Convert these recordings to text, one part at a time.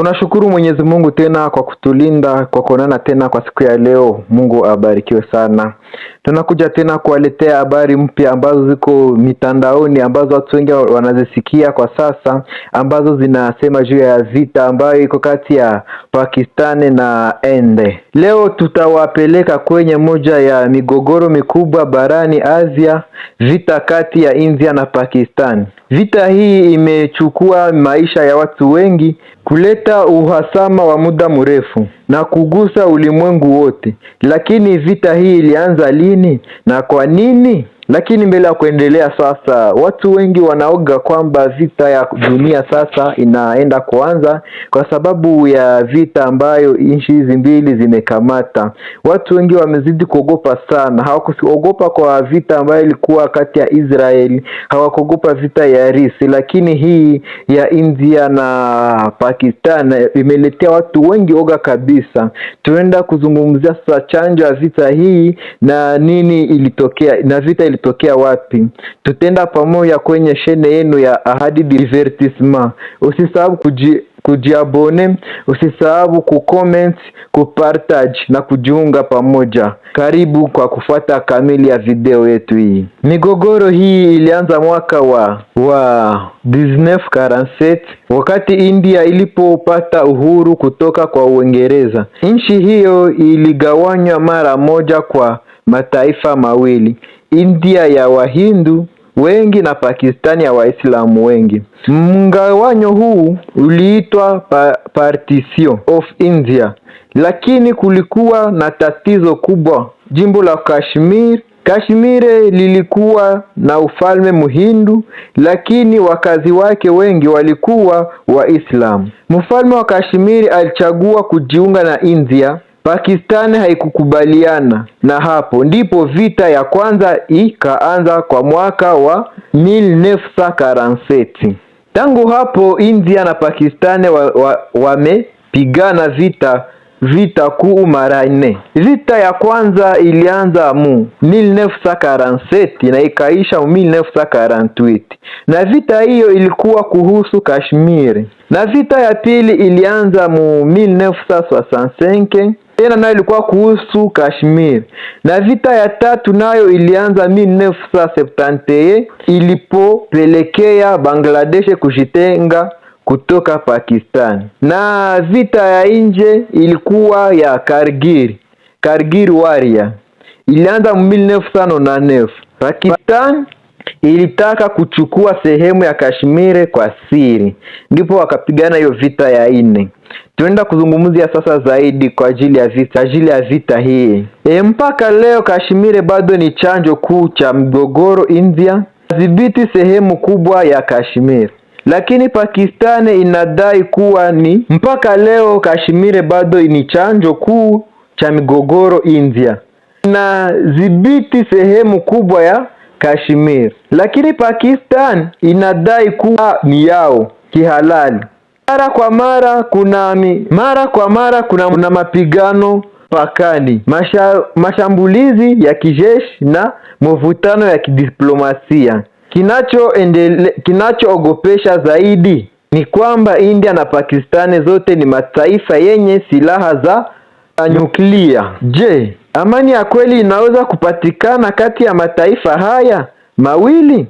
Tunashukuru Mwenyezi Mungu tena kwa kutulinda, kwa kuonana tena kwa siku ya leo. Mungu abarikiwe sana. Tunakuja tena kuwaletea habari mpya ambazo ziko mitandaoni ambazo watu wengi wanazisikia kwa sasa, ambazo zinasema juu ya vita ambayo iko kati ya Pakistani na ende Leo tutawapeleka kwenye moja ya migogoro mikubwa barani Asia, vita kati ya India na Pakistani. Vita hii imechukua maisha ya watu wengi, kuleta uhasama wa muda mrefu na kugusa ulimwengu wote. Lakini vita hii ilianza lini na kwa nini? Lakini mbele ya kuendelea sasa, watu wengi wanaoga kwamba vita ya dunia sasa inaenda kuanza kwa sababu ya vita ambayo nchi hizi mbili zimekamata. Watu wengi wamezidi kuogopa sana, hawakuogopa kwa vita ambayo ilikuwa kati ya Israeli, hawakuogopa vita ya risi, lakini hii ya India na Pakistan imeletea watu wengi oga kabisa. Tunaenda kuzungumzia sasa chanjo ya vita hii na nini ilitokea na vita ilitokea imetokea wapi. Tutenda pamoja kwenye shene yenu ya Ahadi Divertissement. Usisahau kuji kujiabone, usisahau kucomment, kupartage na kujiunga pamoja. Karibu kwa kufuata kamili ya video yetu hii. Migogoro hii ilianza mwaka wa wa 1947 wakati India ilipopata uhuru kutoka kwa Uingereza. Nchi hiyo iligawanywa mara moja kwa mataifa mawili. India ya Wahindu wengi na Pakistani ya Waislamu wengi. Mgawanyo huu uliitwa pa Partition of India, lakini kulikuwa na tatizo kubwa. Jimbo la Kashmir Kashmire lilikuwa na ufalme Muhindu, lakini wakazi wake wengi walikuwa Waislamu. Mfalme wa Kashmiri alichagua kujiunga na India Pakistan haikukubaliana na hapo ndipo vita ya kwanza ikaanza kwa mwaka wa 1947. Tangu hapo India na Pakistani wamepigana wa, wa vita vita kuu mara nne. Vita ya kwanza ilianza mu 1947 na ikaisha mu 1948, na vita hiyo ilikuwa kuhusu Kashmiri, na vita ya pili ilianza mu 1965 tena nayo ilikuwa kuhusu Kashmir, na vita ya tatu nayo ilianza 1971 ilipopelekea Bangladesh kujitenga kutoka Pakistan, na vita ya nje ilikuwa ya Kargil, Kargil waria ilianza 1999. Pakistan ilitaka kuchukua sehemu ya Kashmir kwa siri, ndipo wakapigana hiyo vita ya nne Tunaenda kuzungumzia sasa zaidi kwa ajili ya vita, ajili ya vita hii e, mpaka leo Kashmir bado ni chanjo kuu cha mgogoro. India inadhibiti sehemu kubwa ya Kashmir, lakini Pakistani inadai kuwa ni mpaka leo Kashmir bado ni chanjo kuu cha migogoro. India na dhibiti sehemu kubwa ya Kashmir, lakini Pakistan inadai kuwa ni yao kihalali. Mara kwa mara kuna mara kwa mara kuna mapigano pakani, masha, mashambulizi ya kijeshi na mvutano ya kidiplomasia. Kinachoogopesha zaidi ni kwamba India na Pakistani zote ni mataifa yenye silaha za nyuklia. Je, amani ya kweli inaweza kupatikana kati ya mataifa haya mawili?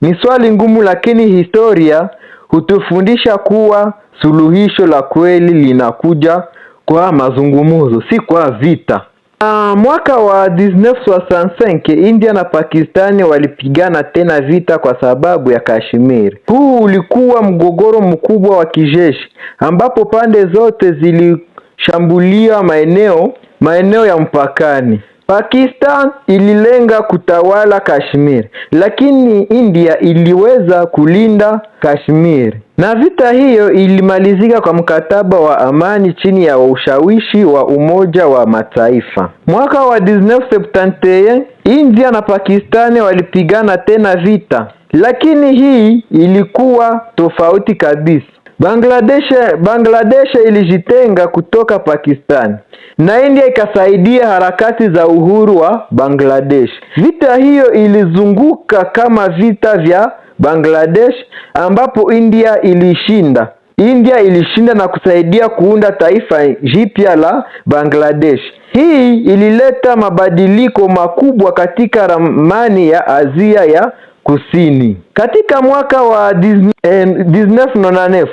Ni swali ngumu, lakini historia hutufundisha kuwa suluhisho la kweli linakuja kwa mazungumzo, si kwa vita. Na ah, mwaka wa 1965 India na Pakistani walipigana tena vita kwa sababu ya Kashmir. Huu ulikuwa mgogoro mkubwa wa kijeshi ambapo pande zote zilishambulia maeneo maeneo ya mpakani. Pakistan ililenga kutawala Kashmir, lakini India iliweza kulinda Kashmir. Na vita hiyo ilimalizika kwa mkataba wa amani chini ya ushawishi wa Umoja wa Mataifa. Mwaka wa 1971 India na Pakistani walipigana tena vita, lakini hii ilikuwa tofauti kabisa. Bangladesh, Bangladesh ilijitenga kutoka Pakistan na India ikasaidia harakati za uhuru wa Bangladesh. Vita hiyo ilizunguka kama vita vya Bangladesh ambapo India ilishinda. India ilishinda na kusaidia kuunda taifa jipya la Bangladesh. Hii ilileta mabadiliko makubwa katika ramani ya Asia ya Kusini. Katika mwaka wa 1909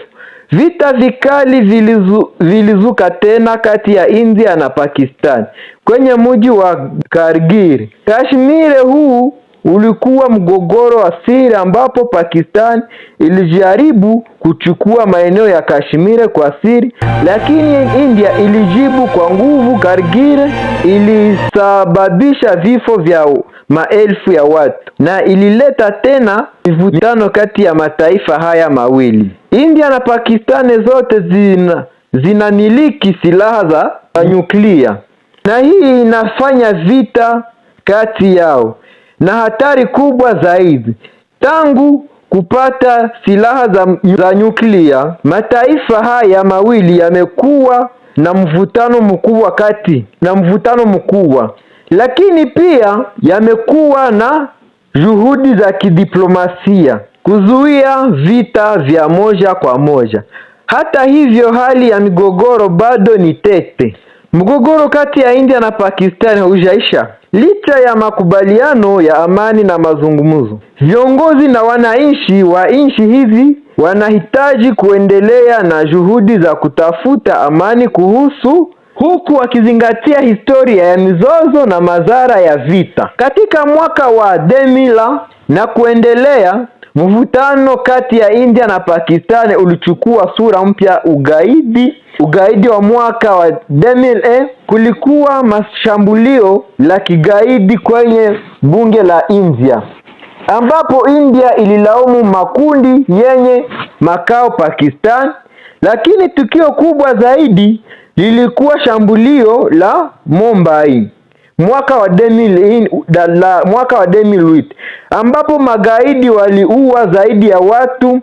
Vita vikali vilizu, vilizuka tena kati ya India na Pakistan kwenye mji wa Kargil. Kashmir huu ulikuwa mgogoro wa siri ambapo Pakistan ilijaribu kuchukua maeneo ya Kashmir kwa siri, lakini India ilijibu kwa nguvu. Kargil ilisababisha vifo vya maelfu ya watu na ilileta tena mivutano kati ya mataifa haya mawili. India na Pakistani zote zina zinamiliki silaha za nyuklia, na hii inafanya vita kati yao na hatari kubwa zaidi. Tangu kupata silaha za, za nyuklia, mataifa haya mawili yamekuwa na mvutano mkubwa kati na mvutano mkubwa, lakini pia yamekuwa na juhudi za kidiplomasia kuzuia vita vya moja kwa moja. Hata hivyo, hali ya migogoro bado ni tete. Mgogoro kati ya India na Pakistan haujaisha licha ya makubaliano ya amani na mazungumzo. Viongozi na wananchi wa nchi hizi wanahitaji kuendelea na juhudi za kutafuta amani kuhusu huku wakizingatia historia ya mizozo na madhara ya vita. Katika mwaka wa demila na kuendelea Mvutano kati ya India na Pakistan ulichukua sura mpya ugaidi ugaidi wa mwaka wa 2001 kulikuwa mashambulio la kigaidi kwenye bunge la India ambapo India ililaumu makundi yenye makao Pakistan, lakini tukio kubwa zaidi lilikuwa shambulio la Mumbai mwaka wa la, mwaka wa 2008 ambapo magaidi waliua zaidi ya watu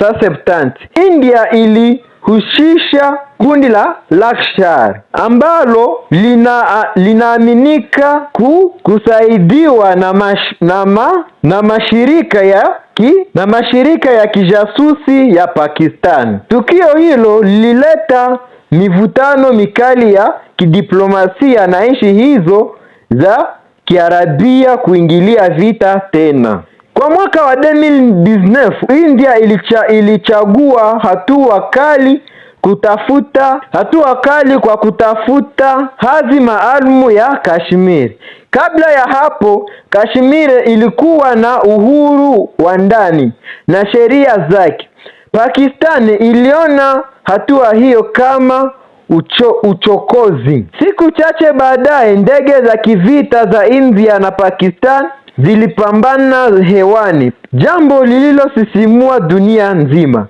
70. India ilihusisha kundi la Lakshar ambalo lina linaaminika ku, kusaidiwa na, mash, na, ma, na mashirika ya ki, na mashirika ya kijasusi ya Pakistan. Tukio hilo lilileta mivutano mikali ya kidiplomasia na nchi hizo za Kiarabia kuingilia vita tena. Kwa mwaka wa 2019 India ilicha, ilichagua hatua kali kutafuta hatua kali kwa kutafuta hadhi maalumu ya Kashmir. Kabla ya hapo, Kashmir ilikuwa na uhuru wa ndani na sheria zake. Pakistan iliona hatua hiyo kama ucho, uchokozi. Siku chache baadaye ndege za kivita za India na Pakistan zilipambana hewani, jambo lililosisimua dunia nzima.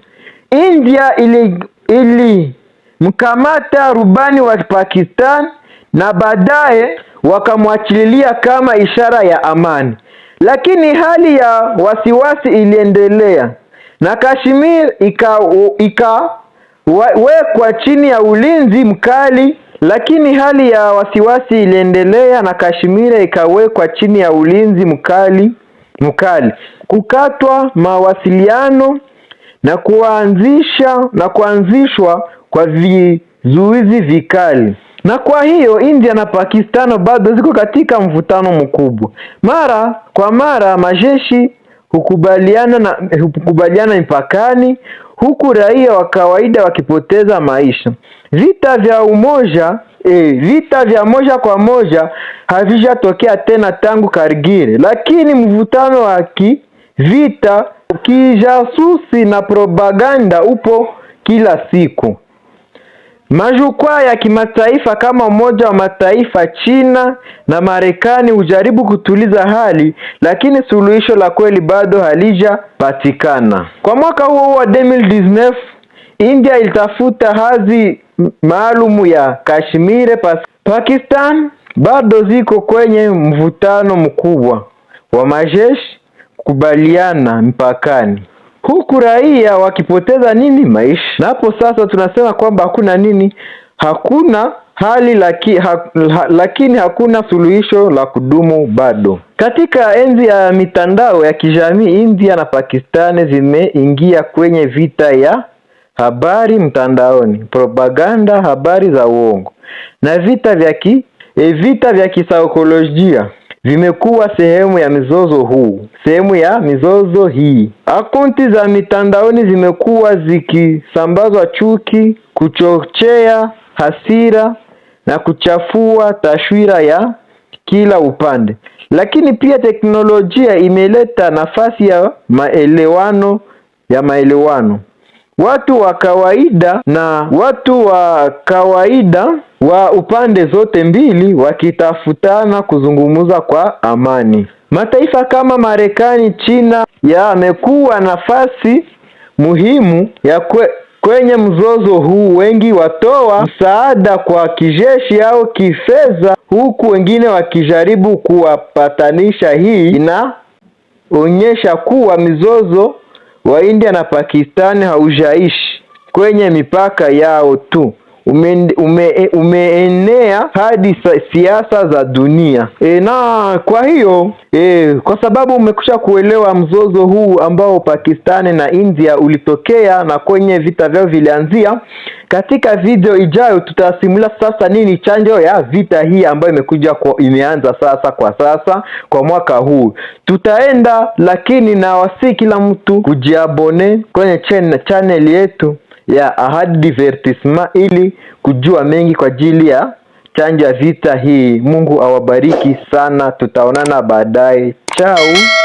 India ilimkamata ili rubani wa Pakistan na baadaye wakamwachilia kama ishara ya amani, lakini hali ya wasiwasi iliendelea na Kashmir ika, ika wekwa chini ya ulinzi mkali, lakini hali ya wasiwasi iliendelea na Kashmira ikawekwa chini ya ulinzi mkali mkali, kukatwa mawasiliano na kuanzisha na kuanzishwa kwa vizuizi vikali. Na kwa hiyo India na pakistan bado ziko katika mvutano mkubwa. Mara kwa mara majeshi hukubaliana na hukubaliana mipakani huku raia wa kawaida wakipoteza maisha. Vita vya umoja e, vita vya moja kwa moja havijatokea tena tangu Kargil, lakini mvutano wa kivita, kijasusi na propaganda upo kila siku. Majukwaa ya kimataifa kama Umoja wa Mataifa, China na Marekani hujaribu kutuliza hali, lakini suluhisho la kweli bado halijapatikana. Kwa mwaka huo huo wa 2019 India ilitafuta hadhi maalum ya Kashmir. Pakistan bado ziko kwenye mvutano mkubwa wa majeshi kukubaliana mpakani huku raia wakipoteza nini? Maisha. Na hapo sasa tunasema kwamba hakuna nini, hakuna hali laki, ha, ha, lakini hakuna suluhisho la kudumu bado. Katika enzi ya mitandao ya kijamii, India na Pakistani zimeingia kwenye vita ya habari mtandaoni, propaganda, habari za uongo na vita vya ki, e, vita vya kisaikolojia vimekuwa sehemu ya mizozo huu, sehemu ya mizozo hii. Akaunti za mitandaoni zimekuwa zikisambazwa chuki, kuchochea hasira na kuchafua taswira ya kila upande. Lakini pia teknolojia imeleta nafasi ya maelewano ya maelewano watu wa kawaida na watu wa kawaida wa upande zote mbili wakitafutana kuzungumza kwa amani. Mataifa kama Marekani, China yamekuwa nafasi muhimu ya kwe, kwenye mzozo huu. Wengi watoa msaada kwa kijeshi au kifedha, huku wengine wakijaribu kuwapatanisha. Hii inaonyesha kuwa mizozo wa India na Pakistan haujaishi kwenye mipaka yao tu ume, ume, umeenea hadi siasa za dunia e, na kwa hiyo e, kwa sababu umekusha kuelewa mzozo huu ambao Pakistani na India ulitokea na kwenye vita vyao vilianzia. Katika video ijayo tutasimulia sasa nini chanjo ya vita hii ambayo imekuja kwa, imeanza sasa kwa sasa kwa mwaka huu tutaenda, lakini na wasi kila mtu kujiabone kwenye channel yetu ya Ahadi Divertissement ili kujua mengi kwa ajili ya chanjo ya vita hii. Mungu awabariki sana, tutaonana baadaye. Chao.